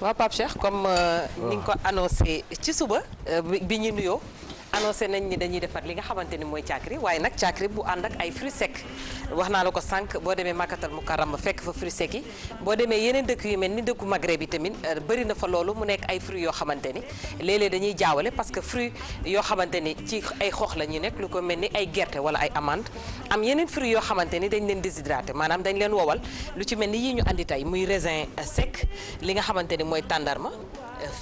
waa Pape Cheikh comme euh, ni nga ko annoncé ci suba euh, bi ñu nuyoo. annoncé nañ ni dañuy defar li nga xamante ni mooy caakri waaye nag caakri bu ànd ak ay fruits secs wax naa la ko sànq boo demee Makkatal Mukarram fekk fa fruits secs yi boo demee yeneen dëkk yu mel ni dëkku Maghreb yi tamit euh, barina fa loolu mu nekk ay fruits yoo xamante ni léeg dañuy jaawale parce que fruits yoo xamante ni ci ay xoox la ñuy nekk lu ko mel ni ay gerte wala ay amande am yeneen fruits yoo xamante ni dañ leen déshydraté maanaam dañ leen wowal lu ci mel ni yii ñu andi tey muy raisin sec li xamante ni mooy tàndarma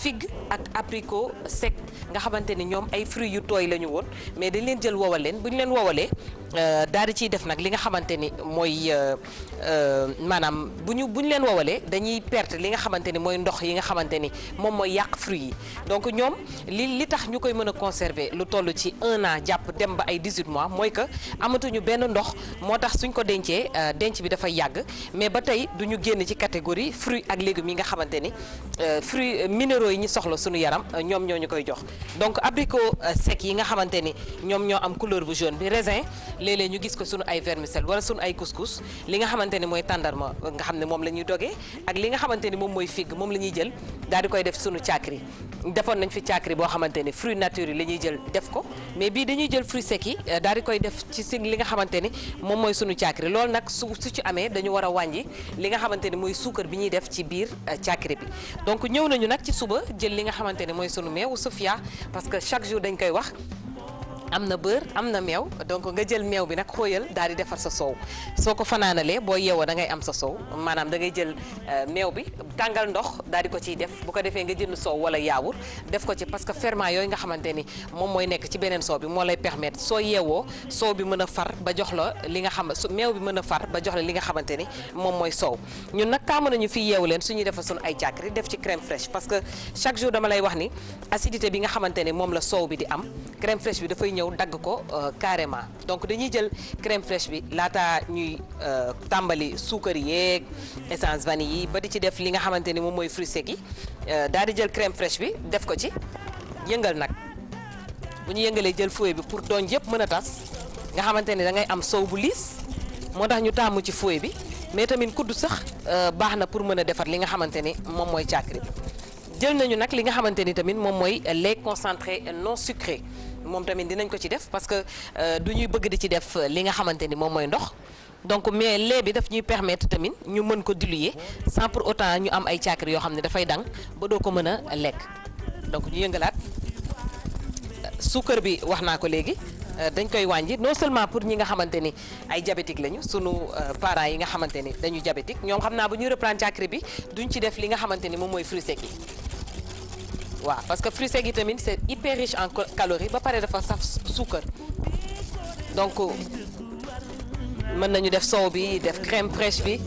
figue ak apricot sec nga xamante ni ñoom ay fruits yu tooy la ñu woon mais dañ leen jël woowal leen bu ñu leen wowalee Euh, daal di ciy def nag li nga xamante ni mooy euh, euh, maanaam bu ñu bu ñu leen woowalee dañuy perte li nga xamante ni mooy ndox yi nga xamante ni moom mooy yàq fruit yi donc ñoom li li tax ñu koy mën a conserver lu toll ci un jàpp dem ba ay 18 mooy que amatuñu benn ndox moo tax suñ ko dencee denc bi dafay yàgg mais ba tey du ñu génn ci catégorie fruit ak légumes yi nga xamante ni fruit minéraux yi ñu soxla suñu yaram ñoom ñoo ñu koy jox donc abricot sec yi nga xamante ni ñoom ñoo am couleur bu jaune bi raisin léeg-léeg ñu gis ko sunu ay vermicelle wala sunu ay couscous li nga xamante ni mooy tàndarma nga xam ne moom lañuy ñuy dogee ak li nga xamante ni moom mooy figg moom la ñuy jël daal koy def sunu caakri defoon nañ fi caakri boo xamante ni fruit yi la ñuy jël def ko mais bii dañuy jël fruit sec yi euh, daal di koy def ci si li nga xamante ni moom mooy sunu caakri loolu nag su su ci amee dañu war a wàññi li nga xamante ni mooy suukar bi ñuy def ci biir euh, caakri bi donc ñëw nañu nag ci suba jël li nga xamante ni mooy sunu meewu sofia parce que chaque jour dañ koy wax am na beurre am na meew donc nga jël meew bi nag xóoyal daal di defar sa soow soo ko fanaanalee boo yeewoo da ngay am sa soow maanaam da ngay jël euh, meew bi tàngal ndox daal di ko ciy def bu ko defee nga jënd soow wala yaawur def ko ci parce que ferment yooyu nga xamante ni moom mooy nekk ci beneen soow bi moo lay permettre soo yeewoo soow bi mën a far ba jox la li nga xam meew bi mën a far ba jox la li nga xamante ni moom mooy soow ñun nag taamu nañu fi yeewu leen suñuy defar suñu ay jàkkari def ci crème fraîche parce que chaque jour dama lay wax ni acidité bi nga xamante ni moom la soow bi di am crème fraîche bi dafay ñëw ñëw dagg ko euh, carrément donc dañuy jël crème fraîche bi laata ñuy euh, tàmbali suukar yeeg essence vanille yi ba di ci def li nga xamante ni moom mooy fruits secs yi euh, daal di jël crème fraîche bi def ko ci yëngal nag bu ñu yëngalee jël fouet bi pour doon yëpp mën a tas nga xamante ni da ngay am sow bu liis moo tax ñu tàmm ci fouet bi mais tamit kudd sax baax na pour mën a defar li nga xamante ni moom mooy càkkri bi jël nañu nag li nga xamante tamit moom mooy lait concentré moom tamit dinañ ko ci def parce que euh, du ñuy bëgg di ci def euh, li nga xamante ni moom mooy ndox donc mais lait bi daf ñuy permettre tamit ñu mën ko diluer sans pour autant ñu am ay caakiri yoo xam ne dafay dang ba doo ko mën a lekk donc ñu yëngalaat euh, suukar bi wax naa ko léegi dañ koy wàññi non seulement pour ñi nga xamante ni ay diabétique lañu sunu parent yi nga xamante ni dañu diabétique ñoom xam naa bu ñuy reprendre caakiri bi duñ ci def li nga xamante ni moom mooy fruits yi waaw parce que fruits secs yi tamit c'est hyper riche en calories ba pare dafa saf suukar donc euh, mën nañu def soow bi def crème fraîche bi.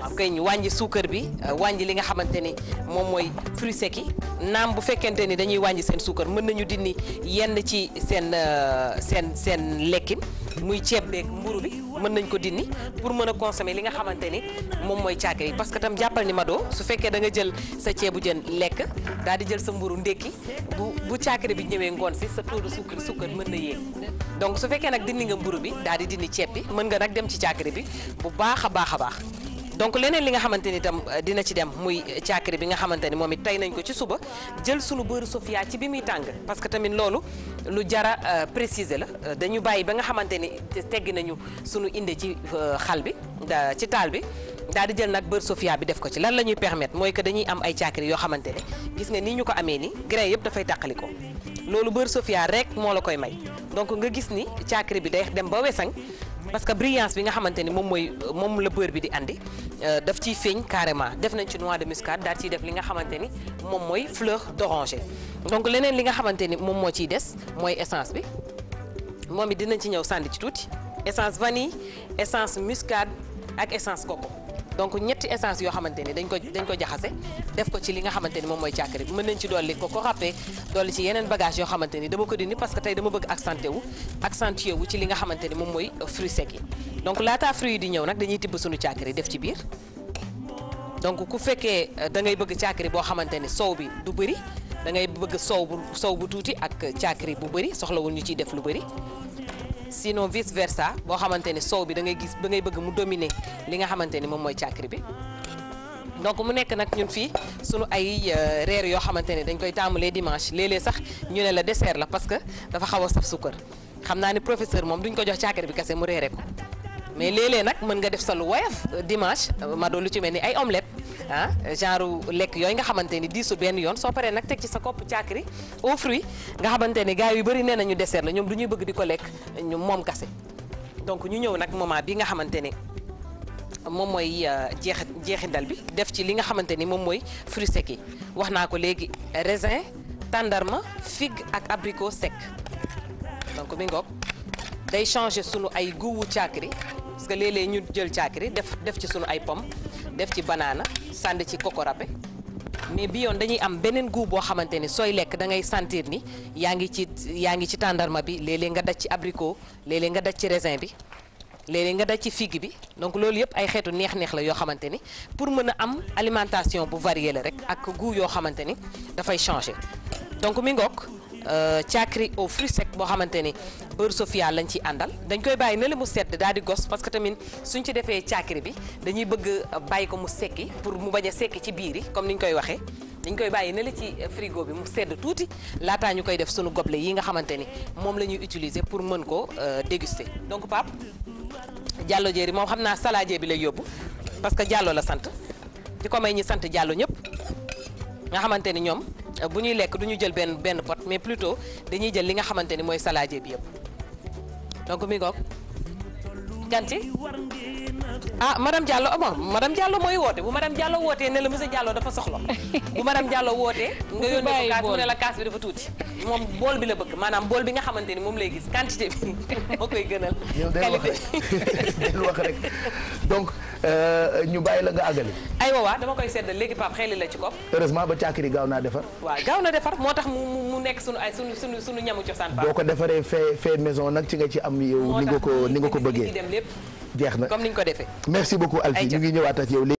am koy ñu wàññi suukar bi euh, wàññi li nga xamante ni moom mooy fruits secs naam bu fekkente ni dañuy wàññi seen suukar mën nañu dindi yenn ci seen euh, seen seen lekkin muy ceeb beeg mburu bi mën nañ ko dindi pour mën a consommer li nga xamante ni moom mooy caakiri yi parce que tam jàppal ni Mado su fekkee da nga jël sa ceebu jën lekk daal di jël sa mburu ndékki bu bu caakiri bi ñëwee ngoon si sa toolu de sucre suukar mën na yee donc su fekkee nag dindi nga mburu bi daal di dindi ceeb bi mën nga nag dem ci caakiri bi bu baax baax a baax donc leneen li nga xamante ni itam euh, dina ci dem muy euh, caakiri bi nga xamante ni moom it tey nañ ko ci suba jël suñu beurre sofia ci bi muy tàng parce que tamit loolu lu jara euh, préciser la dañu bàyyi ba nga xamante ni teggi nañu suñu inde ci xal bi ci taal bi daal di jël nag beurre sofia bi def ko ci lan la ñuy permettre mooy que dañuy am ay caakiri yoo xamante ni gis nga ni ñu ko amee ni grain yëpp dafay tàqali ko loolu beurre sofia rek moo la koy may donc nga gis ni caakiri bi day dem ba wesang parce que brillance bi nga xamante ni moom mooy moom la beurre bi di andi euh, daf ciy feeñ carrément def nañ ci noix de muscade daal ciy def li nga xamante ni moom mooy fleur d'oranger donc leneen li nga xamante ni moom moo ciy des mooy essence bi moom it dinañ ci ñëw sànni ci tuuti essence vanille essence muscade ak essence coco. donc ñetti essence yoo xamante ni dañ ko dañ ko jaxase def ko ci li nga xamante ni moom mooy càkkiri bi mën nañ ci dolli ko ko ràppee dolli ci yeneen bagage yoo xamante ni dama ko dindi parce que tey dama bëgg accenté wu accentué wu ci li nga xamante ni moom mooy fruit sec yi donc laataa fruit yi di ñëw nag dañuy tibb suñu càkkiri def ci biir donc ku fekkee euh, da ngay bëgg càkkiri boo xamante ni soow bi du bëri dangay bëgg soow bu soow bu tuuti ak càkkiri bu bëri soxlawul ñu ciy def lu bëri sinon vice versa boo xamante ne soow bi da ngay gis da ngay bëgg mu dominer li nga xamante ni moom mooy càkkiri bi donc mu nekk nag ñun fii sunu ay euh, reer yoo xamante ne dañ koy taamulee dimanche léeg-léeg sax ñu ne la dessert la parce que dafa xaw a saf sukkar xam naa ne professeur moom duñ ko jox càkkiri bi kese mu reere ko mais léeg nag mën nga def sa lu woyof euh, dimanche euh, ma doon lu ci mel ni ay omelette ah genre lekk yooyu nga xamante ni diisu benn yoon soo paree nag teg ci sa kopp caakri au fruit nga xamante ni gars yu bëri nee nañu dessert la ñoom du ñuy bëgg di ko lekk ñu moom kase donc ñu ñëw nag moment bi nga xamante ni moom mooy euh, jeex jeexindal bi def ci li nga xamante ni moom mooy fruit sec yi wax naa ko léegi raisin tàndarma figue ak abrico sec donc mi ngoog day changer sunu ay guwu caakri parce que léeg-léeg ñu jël caakri def def ci sunu ay pomme def ci banaana sànni ci coco râpé mais bi yoon dañuy am beneen gou boo xamante ni sooy lekk da ngay sentir ni yaa ngi ci yaa ngi ci tàndarma bi léeg-léeg nga daj ci abrico léeg-léeg nga daj ci raisin bi léeg-léeg nga daj ci figue bi donc loolu yëpp ay xeetu neex-neex la yoo xamante ni pour mën a am alimentation bu variée la rek ak goût yoo xamante ni dafay changer donc mi ngook Euh, càkkiri au fruit sec boo xamante ni beurre sofia lañ ci àndal dañ koy bàyyi na li mu sedd daal di gos parce que tamit suñ ci defee càkkiri bi dañuy bëgg bàyyi ko mu sekki pour mu bañ a sekki ci biir yi comme ni koy waxee dañ koy bàyyi na la ci frigo bi mu sedd tuuti laataa ñu koy def suñu gobelet yi nga xamante ni moom la ñuy utiliser pour mën ko euh, déguster donc Pape Diallo Diéry moom xam naa saladier bi lay yóbbu parce que Diallo la sant di ko may ñi sant Diallo ñëpp xamante ni ñoom bu ñuy lekk du ñu jël benn benn pot mais plutôt dañuy jël li nga xamante ni mooy saladier bi yëpp donc mi ngoog janti ah madame Diallo amoon ah madame Diallo mooy woote bu madame Diallo wootee ne la monsieur Diallo dafa soxla bu madame Diallo wootee nga yónnee ko kaas mu ne la kaas bi dafa tuuti moom bool bi la bëgg maanaam bool bi nga xamante ni moom lay gis quantité bi moo koy gënal qualité del wax rek donc euh, ñu bàyyi la nga àggali ay waawaa dama koy sedd léegi Pape xeeli la ci kopp heureusement ba caakiri gaaw naa defar waaw gaaw na defar moo tax mu mu nekk sunu ay sunu sunu sunu ñamu cosaan boo ko defaree fee fee maison nag ci nga lépp jeex na comme niñ ko defee merci beaucoup Alfie ñu ngi ñëwaat ak yow